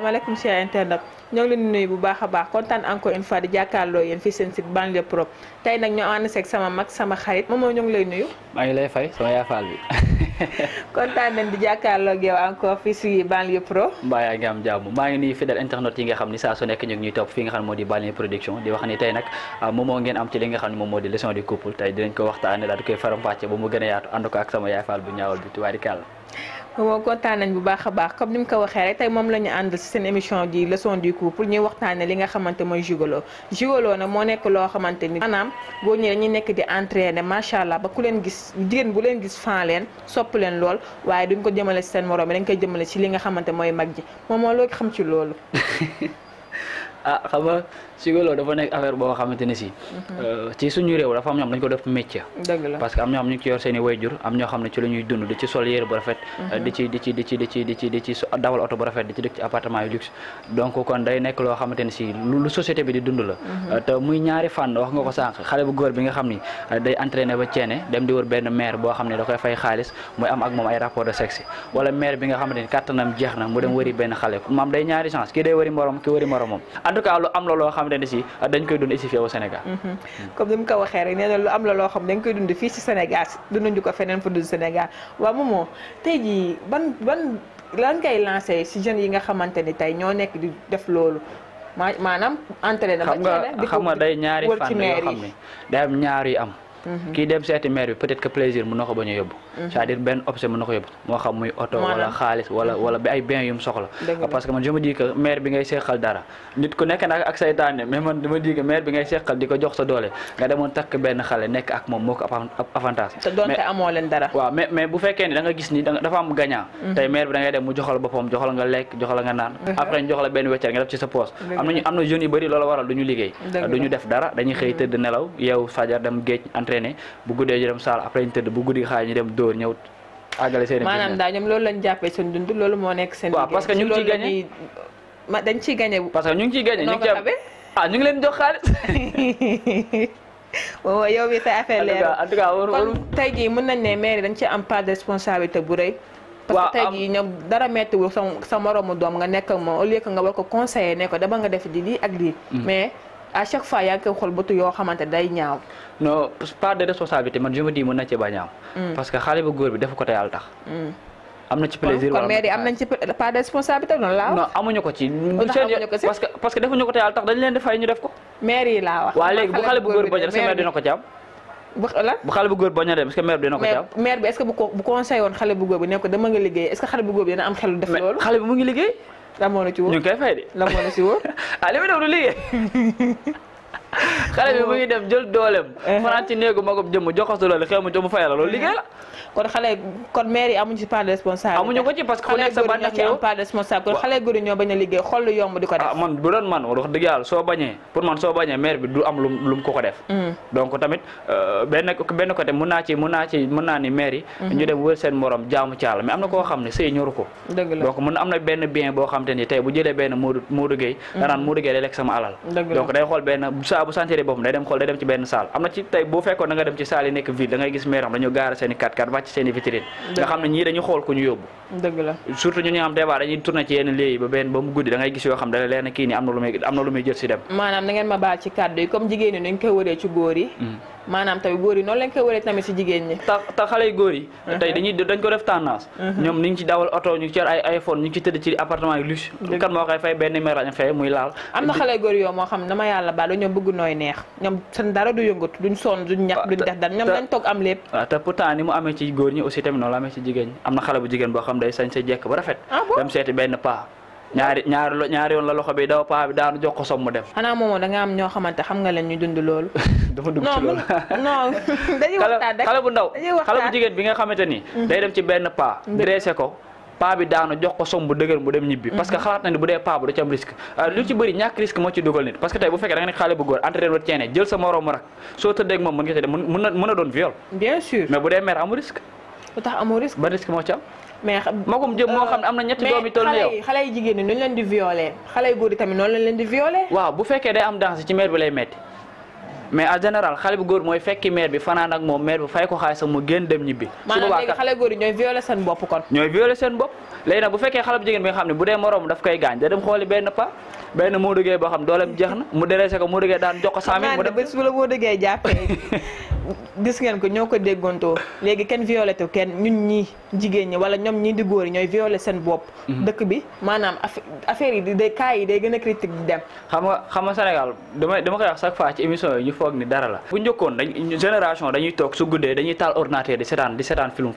asalaamaaleykum chers internet ñoo ngi leen nuyu bu baax baax kontaan encore une fois di jàkkaarloo Banlieue ñoo sama mag sama xarit moom moo ngi lay nuyu. maa ngi lay fay sama yaafaal bi. kontaan nañ di jàkkaarloo ak yow encore fii si Banlieue Pro. mbaa ngi am ngi nuyu fidèle internet yi nga su ñu ngi ñuy nga xam di Banlieue Production di wax ni tey nag ah, moom ngeen am ci li nga di leçon du couple tey dinañ ko waxtaanee daal di faram-fàcce ba mu gën yaatu ànd ko ak sama bu ñaawal bi moo kontaan nañ bu baax a baax comme ni mu ko waxee rek tey moom la ñu àndal ci seen émission di leçon du couple ñuy waxtaane li nga xamante mooy gigolo gigolo nag moo nekk loo xamante ni maanaam góor ñi dañuy nekk di entraîner macha allah ba ku leen gis jigéen bu leen gis fan leen sopp leen lool waaye duñ ko jëmale ci seen moroom bi dañ koy jëmale si li nga xamante mooy mag ji moom moo loo xam ci loolu ah xam si loolu dafa nekk affaire boo xamante ne si. ci suñu réew dafa am ñoo xam dañ ko def métier. dëgg la parce que am ñoo xam ñu ngi ci yor seen i wayjur am ñoo xam ne ci la ñuy dund di ci sol yére bu rafet. Eh, mhm. di ci di ci di ci di ci di ci di ci dawal oto bu rafet di ci dëkk ci appartement yu luxe donc kon day nekk loo xamante ne si lu société mhm. eh, oh, bi di dund la. te muy ñaari fànn wax nga ko sànq xale bu góor bi nga xam ni day entraîné ba ceene dem di wër benn mère boo xam ne da koy fay xaalis muy am ak moom ay rapport de sexe wala mère bi nga xamante ni kàttanam mu dem wëri benn xale maam day ñaari chance kii day wëri moroom kii wëri moromam en tout cas lu am la loo xam xamante ne si dañ koy dund ici fii au Sénégal. Mhm. comme ni mu ko waxee rek nee na lu am la loo xam dañ koy dund fii si Sénégal dunduñu ko feneen fu dul Sénégal waaw moomoo tey jii ban ban lan ngay lancé si jeunes yi nga xamante ni tey ñoo nekk di def loolu. maanaam entraîné na. xam nga xam nga day ñaari fànn yoo xam ne day am ñaar am. Mhm. kii dem seeti maire bi peut-être que plaisir mën na ko bañ a yóbbu mhm. c'est-à-dire benn objet mën na ko yóbbu moo xam muy oto wala xaalis wala mhm. wala bi ay biens yu mu soxla parce que man je me dis que maire bi ngay seqal dara nit ku nekk nag ak saytaane mais man dama di maire bi ngay seqal di jox sa doole nga demoon takk benn xale nekk ak moom moo avantage te donte amoo leen dara waaw mais mais bu fekkee ni da nga gis ni dafa am gagnant tey maire bi da ngay dem mu joxal boppam joxal nga lekk joxal nga naan après joxal benn weccer nga def ci sa poche am nañu am na jeunes yu waral du ñu liggéey def dara dañuy xëy tëdd nelaw yow fajar dem géej entraîné bu guddee ñu dem salle après ñu tëdd bu guddi xaar ñu dem dóor ñëw àggale seen maanaam daal ñoom loolu lañ jàppee seen dund loolu moo nekk seen waaw parce que ñu ngi ciy gagné ma dañ ciy gagné parce que ñu ngi ciy gagné ñu ngi ciy ah ñu ngi leen jox xaalis waaw yow bi sa affaire leer en tout cas kon tey jii mën nañ ne dañ ci am de responsabilité bu parce que dara sa doom nga nekk au lieu que nga conseiller ne ko nga def di ak mm. mais a chaque fois yaa ngi koy xool bëtu yoo xamante day ñaaw. non part de responsabilité man je me na cee bañ ñaaw. Mm. parce que xale bu góor bi def ko te yàlla tax. Mm. am leen di ñu def ko. maire yi laa wax. waaw léegi bu xale bu góor bi bañ a maire dina ko ci am. a dem est-ce que maire bi dina ko ci maire bi est que bu ko woon xale bu góor bi ne dama nga liggéey est que xale bu góor bi dina am xelu def loolu. xale bi mu ngi liggéey la moo la ci wóor ñu koy fay de la moo la si wóor ah li muy def du liggéey xale bi mu ngi dem jël dooleem. fanaan eh. ci néegu magum jëmm jox ko sa doole xew ma jox mu fay la loolu liggéey la. kon xale kon maire yi amuñu ci part de responsable. amuñu ko ci parce que ku nekk sa bànn ak yow part de responsable kon xale góor ñoo bañ liggéey xol lu yomb di def. Ah, man bu doon man wax dëgg yàlla so bañee pour man soo bañee maire bi du am lu lu mu ko ko def. Mm. donc tamit euh, benn benn côté mun naa ci mun naa ci mun naa ni maire yi. Mm-hmm. ñu dem wër seen morom jaamu ci Yàlla mais am na koo xam ne sëy ñoru ko. dëgg la donc mun am na bien boo xam te bu jëlee benn Modou Modou Gueye. Mm-hmm. danaan Modou Gueye day sama alal. dëgg la donc day xool benn saa bu santé boppam day dem xool day dem ci benn salle am na ci tey boo fekkoon da nga dem ci salle yi nekk ville da ngay gis maire am dañu gaara seen i 4x4 wàcc seen i vitrine nga xam ne ñii dañu xool ku ñu yóbbu dëgg la surtout ñun ñi nga débat dañuy tourné ci yenn lieu ba benn ba mu guddi da ngay gis yoo xam dala leen kii nii am na lu muy am na lu muy jël si dem maanaam da ngeen ma baal ci kàddu yi comme jigéen ñi nañ koy wëree ci góor yi maanaam tey góor yi noonu lañ koy wëree tamit si jigéen ñi ta ta xale yu yi tey dañuy dañ ko def tendance ñoom ni ci dawal auto ñu ci ay iphone ñu ngi ci tëdd ci appartement yu luxe kan moo koy fay benn maire lañ fay muy laal am na xale góor yoo moo xam dama yàlla ya baal dañoo bëgg gu nooy neex ñoom seen dara du yëngatu duñ sonn duñ ñàkk ah, duñ def dara ñoom dañ toog am lépp waaw ah, te mu amee ci góor ñi aussi tamit noonu amee ci jigéen ñi am na xale bu jigéen ba rafet ah jox ko dem xanaa moomoo da am ñoo xamante xam nga leen ñu dund loolu dama dugg loolu non dañuy waxtaan rek xale bu ndaw xale bu jigéen bi nga xamante ni mhm. day dem ci benn paa dressé ko paa bi daanu jox ko som bu dëgër mu dem ñibbi mhm. parce que xalaat na ni bu dee paa bu da ci euh, lu ci bëri ñàkk risque moo ci dugal nit parce que tey bu fekkee da nga xale bu góor entraîné wut ceene jël sa moroom rak soo mais moo ci am moo xam ne am na ñetti euh, doom toll na yow xale yi jigéen ñi leen di violé xale yu góor yi tamit noonu leen di violé waaw bu fekkee day am danger ci mère bi lay metti mais en général xale bu góor mooy fekki mère bi fanaan ak moom mère bi fay ko xaalisam mu génn dem ñibbi. su boobaa kat maanaam léegi xale góor yi ñooy violer seen bopp kon. ñooy violer seen bopp léegi nag bu fekkee xale bu jigéen bi xam ne bu dee moroom daf koy gaañ da dem xooli benn pa benn boo xam dooleem jeex na mu dérese mu duggee daan jox ko 100000. mu dem xam naa ne bés gis ngeen ko ñoo ko déggantoo léegi kenn violé tu kenn ñun ñii jigéen ñi wala ñoom ñii di góor ñooy violé seen bopp. Mhm. dëkk bi maanaam affaire yi day cas yi day gën a critique di dem. xam nga xam nga Sénégal dama dama koy wax chaque fois ci émission yi ñu foog ni dara la. bu njëkkoon génération dañuy toog su guddee dañuy taal ordinateur di seetaan di seetaan film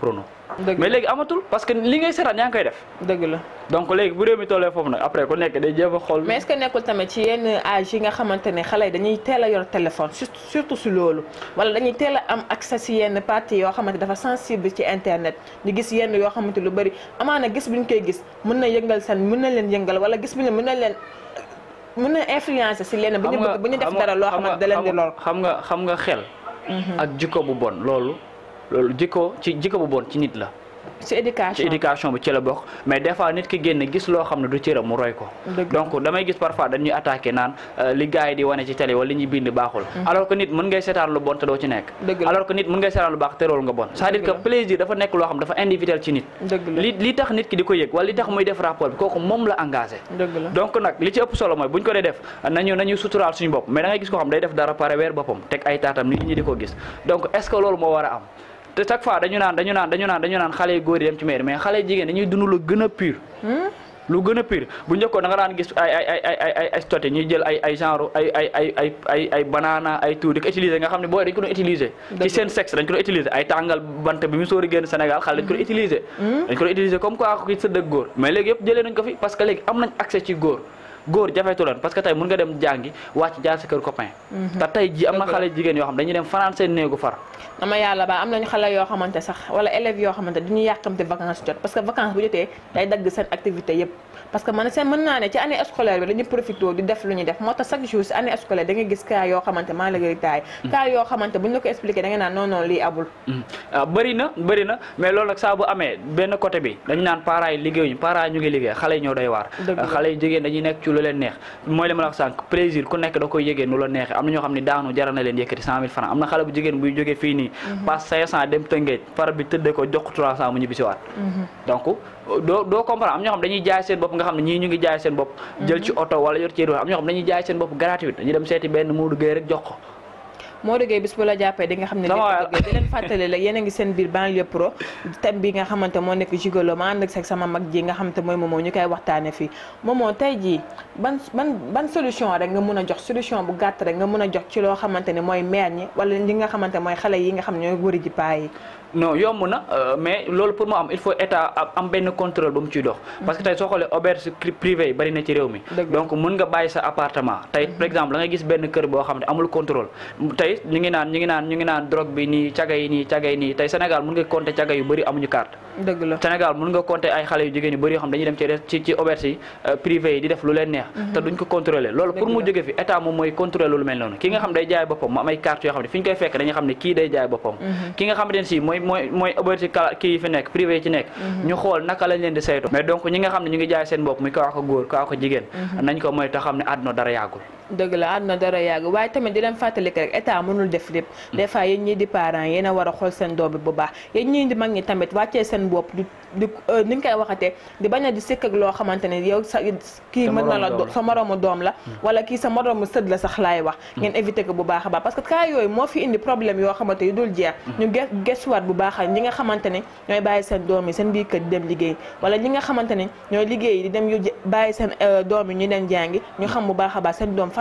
mais léegi amatul parce que li ngay seetaan yaa koy def. dëgg la donc léegi bu réew mi tollee foofu nag après a xool. mais est-ce que nekkul tamit ci yenn âge nga xamante ne xale yi dañuy teel a yor téléphone surtout si loolu wala dañuy teel a am accès si yenn parties yoo xamante dafa sensible ci internet ñu gis yenn yoo xamante lu bëri amaana gis bu ñu koy gis mun na yëngal seen mun na leen yëngal wala gis bu ñu mun na leen. mun na influencer si lenn ba ñu def dara loo xamante da leen di lool. xam nga xam nga xel. Mhm. ak jikko bu bon loolu. loolu jikko ci jikko bu bon ci nit la ci éducation ci éducation bi ci la bokk mais des fois nit ki génn gis loo xam du cëram mu roy ko donc damay gis parfois dañuy attaqué naan euh, li gars yi di wane ci télé wala li ñuy bind baaxul mm-hmm. alors que nit mën ngay lu bon te doo ci nekk alors que nit mën ngay lu baax te loolu nga bon cest à que plaisir dafa nekk loo xam dafa individuel ci nit li tax nit ki di ko yëg wala li tax muy def rapport bi kooku moom la engagé donc nag li ci ëpp solo mooy buñ ko def nañu nañu suturaal suñu bopp mais da ngay gis koo xam day def dara pare weer boppam ay nit ñi di ko gis donc est ce que loolu am te chaque fois dañu naan dañu naan dañu naan dañu naan xale yu góor yi dem ci mairie mais xale jigéen dañuy dund lu gën a pur. Hmm? lu gën a pur bu njëkkoon da nga daan gis ay ay ay jël ay ay genre ay ay ay ay ay ay banana ay tout di ko utiliser nga xam ne booy dañ ko doon utiliser. ci seen sexe dañ ko doon utiliser ay tàngal bant bi mu sóori génn Sénégal xale dañ ko doon hmm. utiliser. Hmm? ko doon utiliser góor mais léegi yëpp jëlee nañ ko fi parce que léegi am nañ accès ci góor góor jafetu parce que tey mën nga dem jàngi wàcc jaar sa kër copain mhm. te tey ji am na xale yoo xam dañuy dem fanaan seen néegu far dama yàlla ba am nañu xale yoo xamante sax wala élèves yoo xamante du ñu yàkkamte jot parce que vacances bu jotee day dagg seen activité yëpp parce que man seen mën naa ne ci année scolaire bi dañuy profité di def lu ñuy def moo tax chaque jour si année scolaire da gis cas yoo xamante maa la gëri taay mhm. lu leen neex mooy li ma la wax plaisir ku nekk da koy yëgee nu la neexee am na ñoo xam ne daanu jara na leen yëkkati cent mille francs am na xale bu jigéen buy jógee fii nii mhm. passe cinq cent dem tëngeej far bi tëddee jox trois mhm. am ñoo xam dañuy jaay seen bopp nga xam ne ñii ñu ngi jaay seen bopp jël ci mhm. oto wala yor ci am ñoo xam dañuy jaay seen bopp gratuite dañuy dem seeti benn muudu géey rek jox moo dëggee bis bu la jàppee dinga xam ne di leen fàttali la yéen ngi seen biir Banlieue Pro thème bi nga xamante moo nekk gigolo ma ànd ak sama mag ji nga xamante mooy moomoo ñu koy waxtaane fii moomoo tey ji ban ban ban solution rek nga mun a jox solution bu gàtt rek nga mun a jox ci loo xamante ne mooy meer ñi wala li nga xamante mooy xale yi nga xam ne ñooy góori ji paa yi non yomb na euh, mais loolu pour mu am il faut état am benn contrôle ba mu ciy dox. parce que tey soo xoolee auberge privée yi bari na ci réew mi. donc mën nga bàyyi sa appartement. tey mhm. par exemple da ngay gis benn kër boo xam ne amul contrôle tey ñu ngi naan ñu ngi naan ñu ngi naan drogue bi nii caga yi nii caga nii tey Sénégal mën nga compter caga yu bari amuñu carte. dëgg Sénégal mën nga compter ay xale yu jigéen yu yoo xam dañuy dem ci ci euh, privé yi di def lu leen neex mhm. te duñ ko contrôler loolu pour mu jóge fi état mooy contrôler lu mel noonu ki nga xam day jaay boppam mu am ay xam ne fi ñu koy fekk dañuy xam ne kii day jaay boppam mhm. ki nga xamante ne si mooy mooy mooy kii fi nekk privé yi ci nekk mhm. ñu xool naka lañ leen di saytu mais donc ñi nga xam ne ñu ngi jaay seen bopp muy kaw ak góor kaw ak jigéen dëgg la àdduna dara yàgg waaye tamit di leen fàttalik rek état mënul def lépp mm. des fois a war a xool seen doom bi bu baax yéen ñii di mag ñi tamit wàccee seen bopp di euh, ni nga koy di bañ a di sikk loo xamante yow sa kii mën na la doom la mm. wala kii sa moroomu sët la sax laay wax mm. ngeen éviter ko bu baax a baax parce que cas yooyu moo fi indi problème yoo xamante yu dul jeex ñu gestuwaat bu baax a ñi nga xamante ne ñooy bàyyi seen doom yi seen biir kër euh, a baax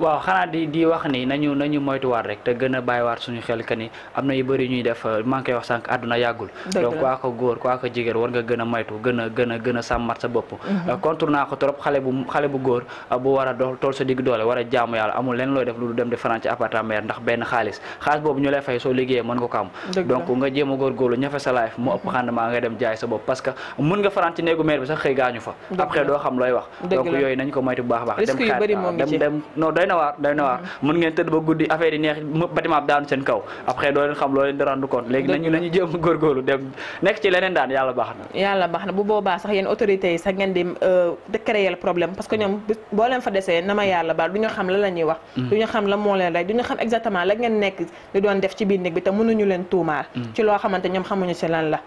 waaw xanaa di di wax ni nañu moytuwaat rek te gën a bàyyiwaat suñu xel que ni am na yu bëri ñuy def euh, manqué wax sànq àdduna yàggul donc waa góor waa jigéen war nga gën a a a gën a sàmmat sa bopp mhm. euh, contre naa ko trop euh, a dool digg doole war a jaamu yàlla amul leen looy def lu dem di fanaan ci appartement ndax benn xaalis xaalis boobu ñu lay fay soo liggéeyee mën nga ko am donc nga jéem a góorgóorlu ñafe sa life mu ëpp xandement nga dem jaay sa bopp parce que mën nga fanaan ci a doy na waar doy na waar mën mm-hmm. ngeen tëdd ba guddi affaire yi neex bâtiment bi daanu seen kaw après doo leen xam loo leen di rendu compte léegi nañu nañu dem nekk ci leneen daan yàlla baax na yàlla baax na bu boobaa sax yéen autorités yi sax ngeen di euh, créer problème parce que ñoom boo leen fa desee na ma yàlla baal du ñu xam la la ñuy wax mm. du ñu xam la moo leen rey du xam exactement la ngeen nekk li doon def ci biir néeg bi te mënuñu leen tuumaal mm. ci loo xamante ñoom xamuñu ci lan la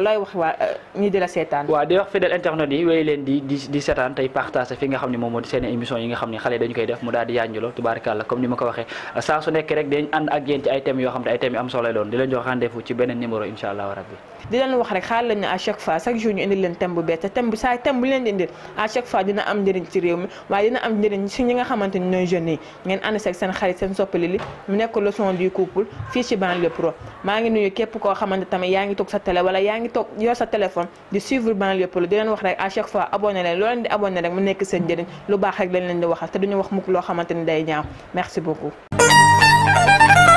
lay mm. wax euh, ñi di la seetaan waaw di wax fidèle internet yi wéy leen di di di seetaan partager fi nga di seen émission yi nga xam ne xale koy def def mu daal di yanjulo tubaarikàlla comme ni ma ko waxee saa chaque fois chaque jour ñu indil leen thème bu bees te di indil ci réew mi waaye dina am njëriñ si nga xamante ni ñooy yi ngeen ànd seeg seen xarit seen soppali li mu nekk leçon du couple fii ci Banlieue Pro maa ngi nuyu wax rek à chaque fois abonné leen loo leen di abonné rek mu nekk seen njëriñ lu baax rek lañ leen di waxal te duñu wax mukk lo xamanteni day ñaaw merci beaucoup